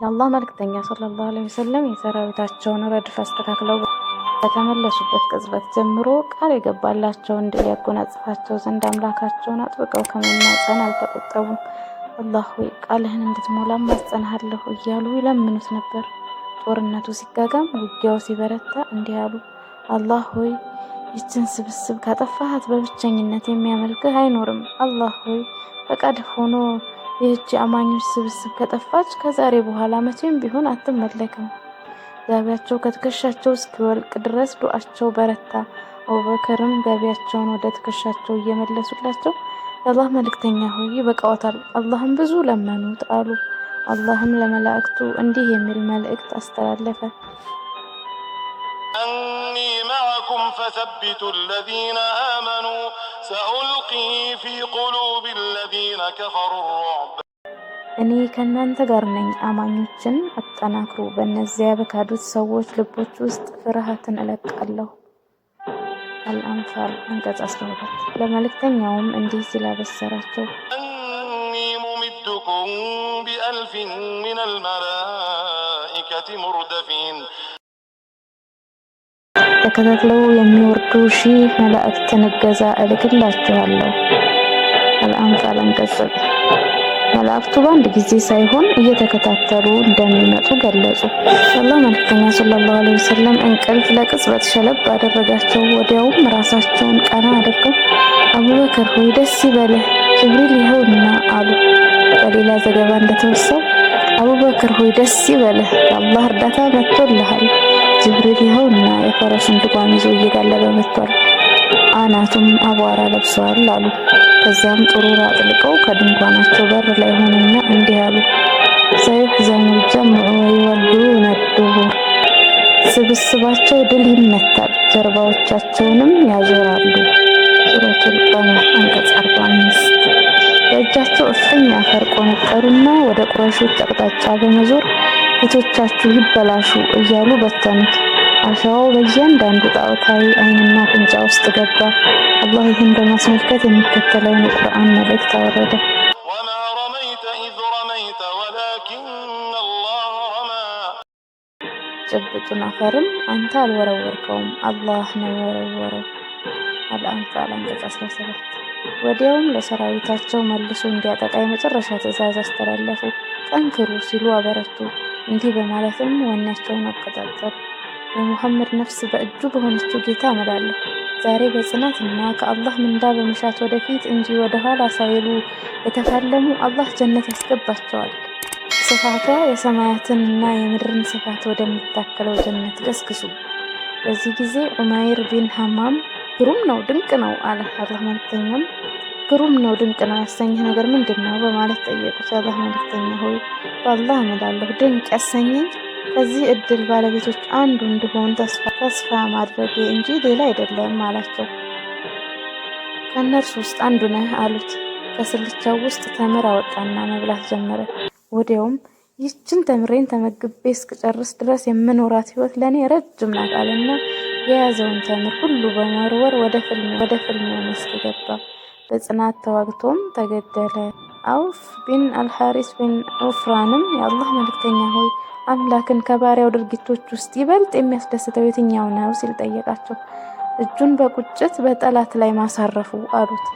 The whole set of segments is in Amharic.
የአላህ መልክተኛ ሰለላሁ ዐለይሂ ወሰለም የሰራዊታቸውን ረድፍ አስተካክለው ከተመለሱበት ቅጽበት ጀምሮ ቃል የገባላቸው እንዲያጎናጽፋቸው ዘንድ አምላካቸውን አጥብቀው ከመማፀን አልተቆጠቡም። አላህ ሆይ ቃልህን እንድትሞላም ማጸናሃለሁ እያሉ ይለምኑት ነበር። ጦርነቱ ሲጋጋም፣ ውጊያው ሲበረታ እንዲህ አሉ። አላህ ሆይ ይችን ስብስብ ካጠፋሃት በብቸኝነት የሚያመልክህ አይኖርም። አላህ ሆይ ፈቃድ ሆኖ ይህች አማኞች ስብስብ ከጠፋች ከዛሬ በኋላ መቼም ቢሆን አትመለክም። ጋቢያቸው ከትከሻቸው እስኪወልቅ ድረስ ዱዓቸው በረታ። አቡበከርም ጋቢያቸውን ወደ ትከሻቸው እየመለሱላቸው የአላህ መልእክተኛ ሆይ ይበቃዎታል፣ አላህም ብዙ ለመኑት አሉ። አላህም ለመላእክቱ እንዲህ የሚል መልእክት አስተላለፈ። እኒ መዐኩም ፈሰቢቱ አለዚነ አመኑ سألقي في قلوب الذين كفروا እኔ ከእናንተ ጋር ነኝ። አማኞችን አጠናክሩ። በእነዚያ በካዱት ሰዎች ልቦች ውስጥ ፍርሃትን እለቃለሁ። አልአንፋል አንቀጽ 12 ለመልእክተኛውም እንዲህ ሲል አበሰራቸው። እኒ ሙሚድኩም ቢአልፊን ሚነል መላኢከቲ ሙርደፊን ተከታትለው የሚወርዱ ሺህ መላእክትን እገዛ እልክላችኋለሁ። አልአንፋል አንቀጽ መላእክቱ በአንድ ጊዜ ሳይሆን እየተከታተሉ እንደሚመጡ ገለጹ። አላህ መልክተኛ ሰለላሁ ዐለይሂ ወሰለም እንቅልፍ ለቅጽበት ሸለብ አደረጋቸው። ወዲያውም ራሳቸውን ቀና አድርገው አቡበከር ሆይ ደስ ይበልህ ጅብሪል ይኸውና አሉ። በሌላ ዘገባ እንደተወሰው አቡበከር ሆይ ደስ ይበልህ የአላህ እርዳታ መጥቶልሃል ጅብሪል ይኸውና የፈረሱን ድጓም ይዞ እየጋለበ መጥቷል፣ አናቱም አቧራ ለብሰዋል አሉ። ከዚያም ጥሩር አጥልቀው ከድንኳናቸው በር ላይ ሆነና እንዲህ አሉ፣ ዘሙር ጀምዑ ወዩወልሉነ ዱቡር፣ ስብስባቸው ድል ይመታል፣ ጀርባዎቻቸውንም ያዞራሉ። ሱረቱል ቀመር አንቀጽ 45 በእጃቸው እፍኝ አፈር ቆነጠሩና ወደ ቁረሾች አቅጣጫ በመዞር ፊቶቻችሁ ይበላሹ እያሉ በተኑት። አሻዋው በእያንዳንዱ ጣዖታዊ አይንና ፍንጫ ውስጥ ገባ። አላህ ይህን በማስመልከት የሚከተለውን የቁርአን መልእክት አወረደ። ጭብጡን አፈርም አንተ አልወረወርከውም፣ አላህ ነው የወረወረው። አልአንፋል አንቀጽ 17። ወዲያውም ለሰራዊታቸው መልሶ እንዲያጠቃ የመጨረሻ ትዕዛዝ አስተላለፉ። ጠንክሩ ሲሉ አበረቱ። እንዲህ በማለትም ወኔያቸውን አቀጣጠሉ። የሙሐመድ ነፍስ በእጁ በሆነችው ጌታ እምላለሁ ዛሬ በጽናት እና ከአላህ ምንዳ በመሻት ወደፊት እንጂ ኋላ ሳይሉ የተፋለሙ አላህ ጀነት ያስገባቸዋል። ስፋቷ የሰማያትን እና የምድርን ስፋት ወደምታከለው ጀነት ገስግሱ። በዚህ ጊዜ ዑማይር ቢን ሐማም ግሩም ነው፣ ድንቅ ነው አለ። አላህ መልክተኛም ግሩም ነው፣ ድንቅ ነው ያሰኘህ ነገር ምንድን ነው በማለት ጠየቁት። የአላህ መልክተኛ ሆይ በአላህ እምላለሁ ድንቅ ያሰኘኝ ከዚህ እድል ባለቤቶች አንዱ እንድሆን ተስፋ ማድረግ እንጂ ሌላ አይደለም አላቸው። ከእነርሱ ውስጥ አንዱ ነህ አሉት። ከስልቻው ውስጥ ተምር አወጣና መብላት ጀመረ። ወዲያውም ይችን ተምሬን ተመግቤ እስክጨርስ ድረስ የምኖራት ህይወት ለእኔ ረጅም ናት አለና የያዘውን ተምር ሁሉ በመወርወር ወደ ፍልሚያው መስክ ገባ። በጽናት ተዋግቶም ተገደለ። አውፍ ቢን አልሐሪስ ቢን ኡፍራንም የአላህ መልክተኛ ሆይ አምላክን ከባሪያው ድርጊቶች ውስጥ ይበልጥ የሚያስደስተው የትኛው ነው ሲል ጠየቃቸው። እጁን በቁጭት በጠላት ላይ ማሳረፉ አሉት።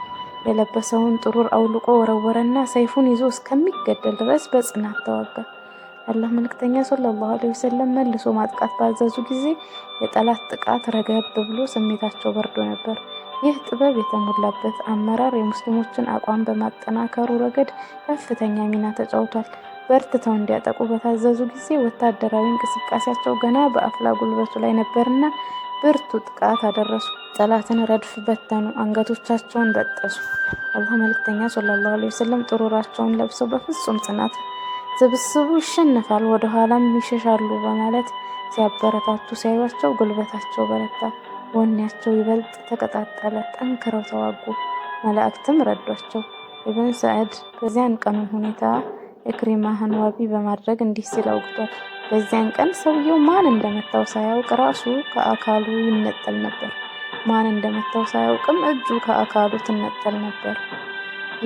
የለበሰውን ጥሩር አውልቆ ወረወረና ሰይፉን ይዞ እስከሚገደል ድረስ በጽናት ተዋጋ። አላህ መልክተኛ ሰለላሁ ዐለይሂ ወሰለም መልሶ ማጥቃት ባዘዙ ጊዜ የጠላት ጥቃት ረገብ ብሎ ስሜታቸው በርዶ ነበር። ይህ ጥበብ የተሞላበት አመራር የሙስሊሞችን አቋም በማጠናከሩ ረገድ ከፍተኛ ሚና ተጫውቷል። በርትተው እንዲያጠቁ በታዘዙ ጊዜ ወታደራዊ እንቅስቃሴያቸው ገና በአፍላ ጉልበቱ ላይ ነበርና ብርቱ ጥቃት አደረሱ። ጠላትን ረድፍ በተኑ፣ አንገቶቻቸውን በጠሱ። አላህ መልክተኛ ሰለላሁ ዐለይሂ ወሰለም ጥሩራቸውን ለብሰው በፍጹም ጽናት ስብስቡ ይሸነፋል፣ ወደኋላም ይሸሻሉ በማለት ሲያበረታቱ ሲያዩቸው ጉልበታቸው በረታ። ወኔያቸው ይበልጥ ተቀጣጠለ። ጠንክረው ተዋጉ፣ መላእክትም ረዷቸው። ኢብን ሰዕድ በዚያን ቀኑ ሁኔታ ኢክሪማህን ዋቢ በማድረግ እንዲህ ሲል አውግቷል። በዚያን ቀን ሰውየው ማን እንደመታው ሳያውቅ ራሱ ከአካሉ ይነጠል ነበር። ማን እንደመታው ሳያውቅም እጁ ከአካሉ ትነጠል ነበር።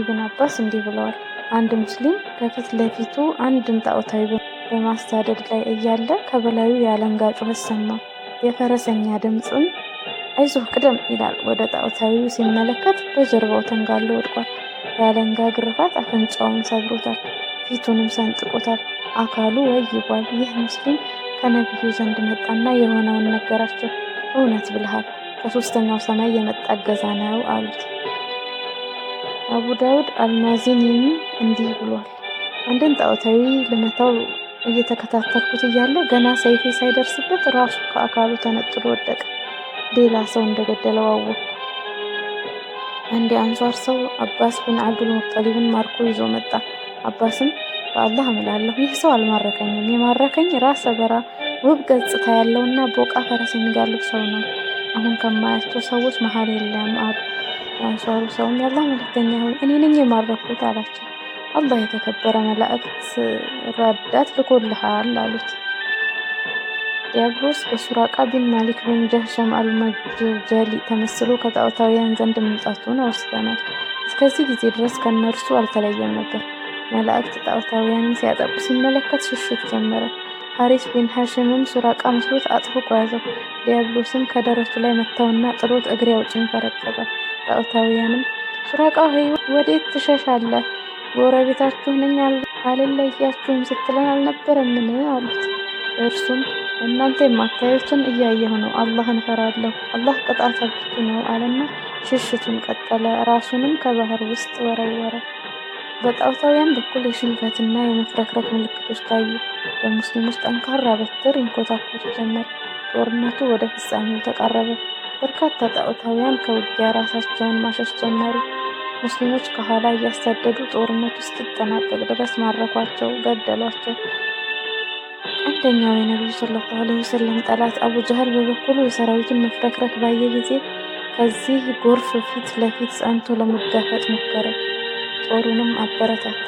ኢብን አባስ እንዲህ ብለዋል። አንድ ሙስሊም ከፊት ለፊቱ አንድን ጣዖታዊ በማስታደድ ላይ እያለ ከበላዩ የአለንጋ ጩኸት ሰማ፣ የፈረሰኛ ድምፅም አይዞህ ቅደም ይላል። ወደ ጣዖታዊው ሲመለከት በጀርባው ተንጋሎ ወድቋል። የአለንጋ ግርፋት አፍንጫውን ሰብሮታል፣ ፊቱንም ሰንጥቆታል። አካሉ ወይቧል። ይህ ሙስሊም ከነቢዩ ዘንድ መጣና የሆነውን ነገራቸው። እውነት ብልሃል፣ ከሶስተኛው ሰማይ የመጣ እገዛ ነው አሉት። አቡ ዳውድ አልማዚኒኒ እንዲህ ብሏል። አንድን ጣዖታዊ ልመታው እየተከታተልኩት እያለ ገና ሰይፌ ሳይደርስበት ራሱ ከአካሉ ተነጥሎ ወደቀ። ሌላ ሰው እንደገደለው አወቅ። አንድ የአንሷር ሰው አባስ ብን አብዱል ሙጠሊብን ማርኮ ይዞ መጣ። አባስም በአላህ እምላለሁ ይህ ሰው አልማረከኝም፣ የማረከኝ ራሰ በራ ውብ ገጽታ ያለውና ቦቃ ፈረስ የሚጋልብ ሰው ነው። አሁን ከማያቸው ሰዎች መሀል የለም አሉ። የአንሷሩ ሰውም ያላህ መልክተኛ ሆይ እኔ ነኝ የማረኩት አላቸው። አላህ የተከበረ መላእክት ረዳት ልኮልሃል አሉት። ዲያብሎስ በሱራቃ ቢን ማሊክ ቢን ጀህሸም አልመጀሊ ተመስሎ ከጣዖታውያን ዘንድ መምጣቱን አውስተናል። እስከዚህ ጊዜ ድረስ ከእነርሱ አልተለየም ነበር። መላእክት ጣዖታውያንን ሲያጠቁ ሲመለከት ሽሽት ጀመረ። ሐሪስ ቢን ሐሽምም ሱራቃ መስሎት አጥብቆ ያዘው። ዲያብሎስም ከደረቱ ላይ መታውና ጥሎት እግሬ አውጭኝ ፈረጠጠ። ጣዖታውያንም ሱራቃ ሆይ ወዴት ትሸሻለህ? ጎረቤታችሁ ነኝ አልለያችሁም ስትለን አልነበረምን? አሉት። እርሱም እናንተ የማታዩትን እያየሁ ነው። አላህን እፈራለሁ። አላህ ቅጣት አብቅቱ ነው አለና ሽሽቱን ቀጠለ። ራሱንም ከባህር ውስጥ ወረወረ። በጣውታውያን በኩል የሽንፈትና የመፍረክረክ ምልክቶች ታዩ። በሙስሊሞች ጠንካራ በትር ይንኮታኮቱ ጀመር። ጦርነቱ ወደ ፍጻሜው ተቃረበ። በርካታ ጣውታውያን ከውጊያ ራሳቸውን ማሸሽ ጀመሩ። ሙስሊሞች ከኋላ እያሳደዱ ጦርነቱ እስኪጠናቀቅ ድረስ ማረኳቸው፣ ገደሏቸው። አንደኛው የነቢዩ ሰለላሁ ዐለይሂ ወሰለም ጠላት አቡ ጀህል በበኩሉ የሰራዊቱን መፍረክረክ ባየ ጊዜ ከዚህ ጎርፍ ፊት ለፊት ጸንቶ ለመጋፈጥ ሞከረ። ጦሩንም አበረታታ።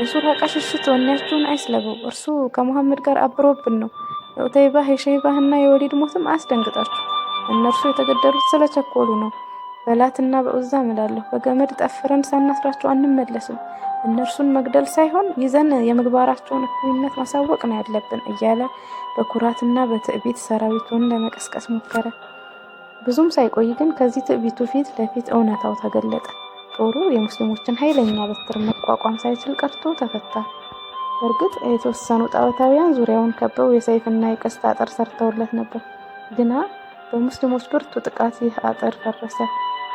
የሱራቃ ሽሽት ወኔያችሁን አይስለበው፣ እርሱ ከሙሐመድ ጋር አብሮብን ነው። የኡተይባህ የሸይባህና የወሊድ ሞትም አስደንግጣችሁ! እነርሱ የተገደሉት ስለቸኮሉ ነው። በላትና በዑዛ ምላለሁ። በገመድ ጠፍረን ሳናስራቸው አንመለስም። እነርሱን መግደል ሳይሆን ይዘን የምግባራቸውን እኩልነት ማሳወቅ ነው ያለብን እያለ በኩራትና በትዕቢት ሰራዊቱን ለመቀስቀስ ሞከረ። ብዙም ሳይቆይ ግን ከዚህ ትዕቢቱ ፊት ለፊት እውነታው ተገለጠ። ጦሩ የሙስሊሞችን ኃይለኛ በትር መቋቋም ሳይችል ቀርቶ ተፈታ። በእርግጥ የተወሰኑ ጣዖታውያን ዙሪያውን ከበው የሰይፍና የቀስት አጥር ሰርተውለት ነበር ግና በሙስሊሞች ብርቱ ጥቃት ይህ አጥር ፈረሰ።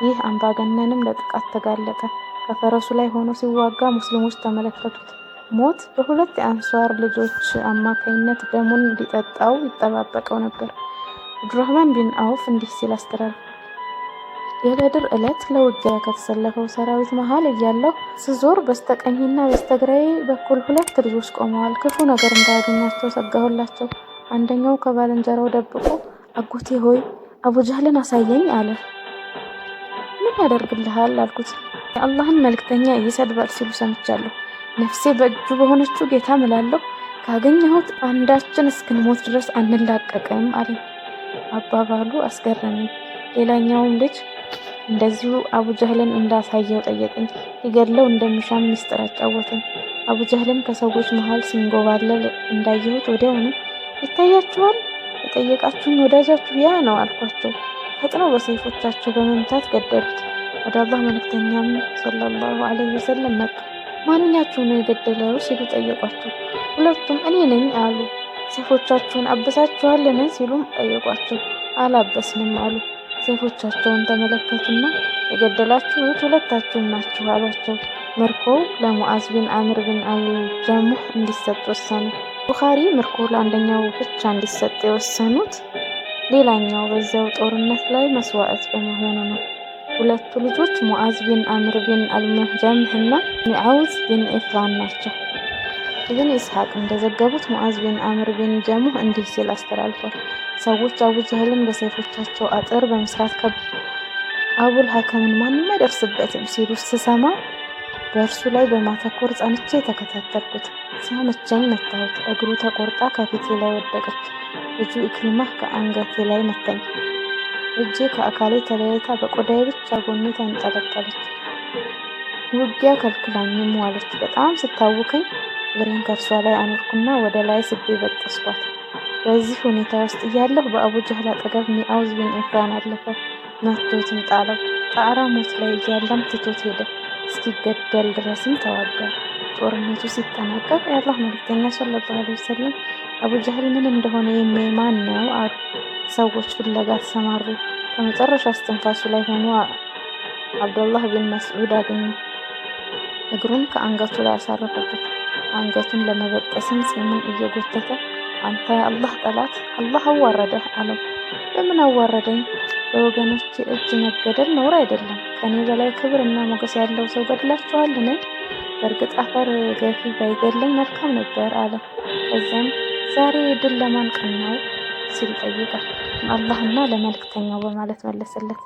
ይህ አምባገነንም ለጥቃት ተጋለጠ። ከፈረሱ ላይ ሆኖ ሲዋጋ ሙስሊሞች ተመለከቱት። ሞት በሁለት የአንሷር ልጆች አማካኝነት ደሙን ሊጠጣው ይጠባበቀው ነበር። አብዱራህማን ቢን አውፍ እንዲህ ሲል አስተላልፏል። የበድር ዕለት ለውጊያ ከተሰለፈው ሰራዊት መሀል እያለሁ ስዞር በስተቀኝና በስተግራዬ በኩል ሁለት ልጆች ቆመዋል። ክፉ ነገር እንዳያገኛቸው ሰጋሁላቸው። አንደኛው ከባልንጀራው ደብቆ አጎቴ ሆይ አቡጃህልን አሳየኝ አለ። ምን ያደርግልሃል አልኩት። የአላህን መልክተኛ ይሰድባል ሲሉ ሰምቻለሁ። ነፍሴ በእጁ በሆነችው ጌታ ምላለሁ ካገኘሁት አንዳችን እስክንሞት ድረስ አንላቀቅም አለ። አባባሉ አስገረመኝ። ሌላኛውም ልጅ እንደዚሁ አቡጀህልን እንዳሳየው ጠየቀኝ። ሊገድለው እንደሚሻም ምስጢር አጫወተኝ። አቡጀህልን ከሰዎች መሀል ሲንጎባለል እንዳየሁት ወዲያውኑ ይታያችኋል የጠየቃችሁኝ ወዳጃችሁ ያ ነው አልኳቸው። ፈጥነው በሰይፎቻቸው በመምታት ገደሉት። ወደ አላህ መልክተኛም ሰለላሁ ዐለይሂ ወሰለም መጡ። ማንኛችሁ ነው የገደለው ሲሉ ጠየቋቸው። ሁለቱም እኔ ነኝ አሉ። ሰይፎቻችሁን አበሳችኋልን ሲሉም ጠየቋቸው። አላበስንም አሉ። ሰይፎቻቸውን ተመለከቱና የገደላችሁት ሁለታችሁም ናችሁ አሏቸው። ምርኮው ለሙዓዝ ቢን አምር ቢን አልጃሙህ እንዲሰጥ ወሰኑ። ቡኻሪ ምርኮ ለአንደኛው ብቻ እንዲሰጥ የወሰኑት ሌላኛው በዚያው ጦርነት ላይ መስዋዕት በመሆኑ ነው። ሁለቱ ልጆች ሙዓዝ ቢን አምር ቢን አልሙህጀምህ እና ሚዓውዝ ቢን ኤፍራን ናቸው። ኢብን ኢስሐቅ እንደዘገቡት ሙዓዝ ቢን አምር ቢን ጀሙህ እንዲህ ሲል አስተላልፏል። ሰዎች አቡጀህልን በሰይፎቻቸው አጥር በመስራት ከብ አቡል ሀከምን ማንም አይደርስበትም ሲሉ ስሰማ በእርሱ ላይ በማተኮር ጸንቼ ተከታተልኩት። ሲያመቸኝ መታሁት። እግሩ ተቆርጣ ከፊቴ ላይ ወደቀች። እጁ እክሪማ ከአንገቴ ላይ መታኝ። እጄ ከአካሌ ተለያይታ በቆዳዬ ብቻ ጎኔ ተንጠለጠለች። ውጊያ ከልክላኝም ዋለች። በጣም ስታውከኝ እግሬን ከእርሷ ላይ አኖርኩና ወደ ላይ ስቤ በጠስኳት። በዚህ ሁኔታ ውስጥ እያለሁ በአቡ ጀህል አጠገብ ሚአውዝ ቢን ኢፍራን አለፈ። መቶትም ጣለው። ጣራ ሞት ላይ እያለም ትቶት ሄደ። እስኪገደል ድረስም ተዋጋ። ጦርነቱ ሲጠናቀቅ የአላህ መልክተኛ ሰለላሁ ዐለይሂ ወሰለም አቡጃህል ምን እንደሆነ የሚያይ ማን ነው አሉ። ሰዎች ፍለጋ ተሰማሩ። ከመጨረሻ እስትንፋሱ ላይ ሆኖ አብደላህ ብን መስዑድ አገኙ። እግሩን ከአንገቱ ላይ አሳረፈበት። አንገቱን ለመበጠስም ፂሙን እየጎተተ አንተ የአላህ ጠላት አላህ አዋረደህ አለው። በምን አዋረደኝ? በወገኖች እጅ መገደል ነውር አይደለም። ከኔ በላይ ክብር እና ሞገስ ያለው ሰው ገድላችኋልን? በእርግጥ አፈር ገፊ ባይገለኝ መልካም ነበር አለ። ከዚያም ዛሬ ድል ለማን ቀናው ሲል ጠይቃል። አላህና ለመልክተኛው በማለት መለሰለት።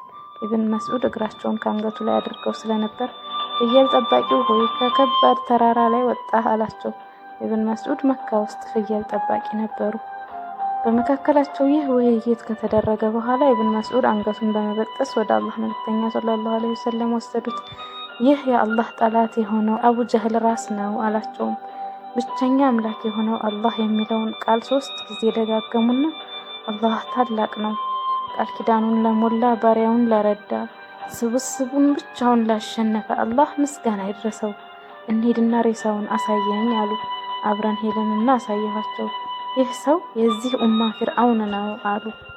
ኢብን መስዑድ እግራቸውን ከአንገቱ ላይ አድርገው ስለነበር ፍየል ጠባቂው ሆይ ከከባድ ተራራ ላይ ወጣህ አላቸው። ኢብን መስዑድ መካ ውስጥ ፍየል ጠባቂ ነበሩ። በመካከላቸው ይህ ውይይት ከተደረገ በኋላ ኢብን መስዑድ አንገቱን በመበጠስ ወደ አላህ መልክተኛ ሰለላሁ ዐለይሂ ወሰለም ወሰዱት። ይህ የአላህ ጠላት የሆነው አቡ ጀህል ራስ ነው አላቸውም። ብቸኛ አምላክ የሆነው አላህ የሚለውን ቃል ሶስት ጊዜ ደጋገሙና አላህ ታላቅ ነው፣ ቃል ኪዳኑን ለሞላ ባሪያውን ለረዳ ስብስቡን ብቻውን ላሸነፈ አላህ ምስጋና ይድረሰው፣ እንሂድና ሬሳውን አሳየኝ አሉ። አብረን ሄደንና አሳየኋቸው። يحصل يزي أمه فرعون وقارون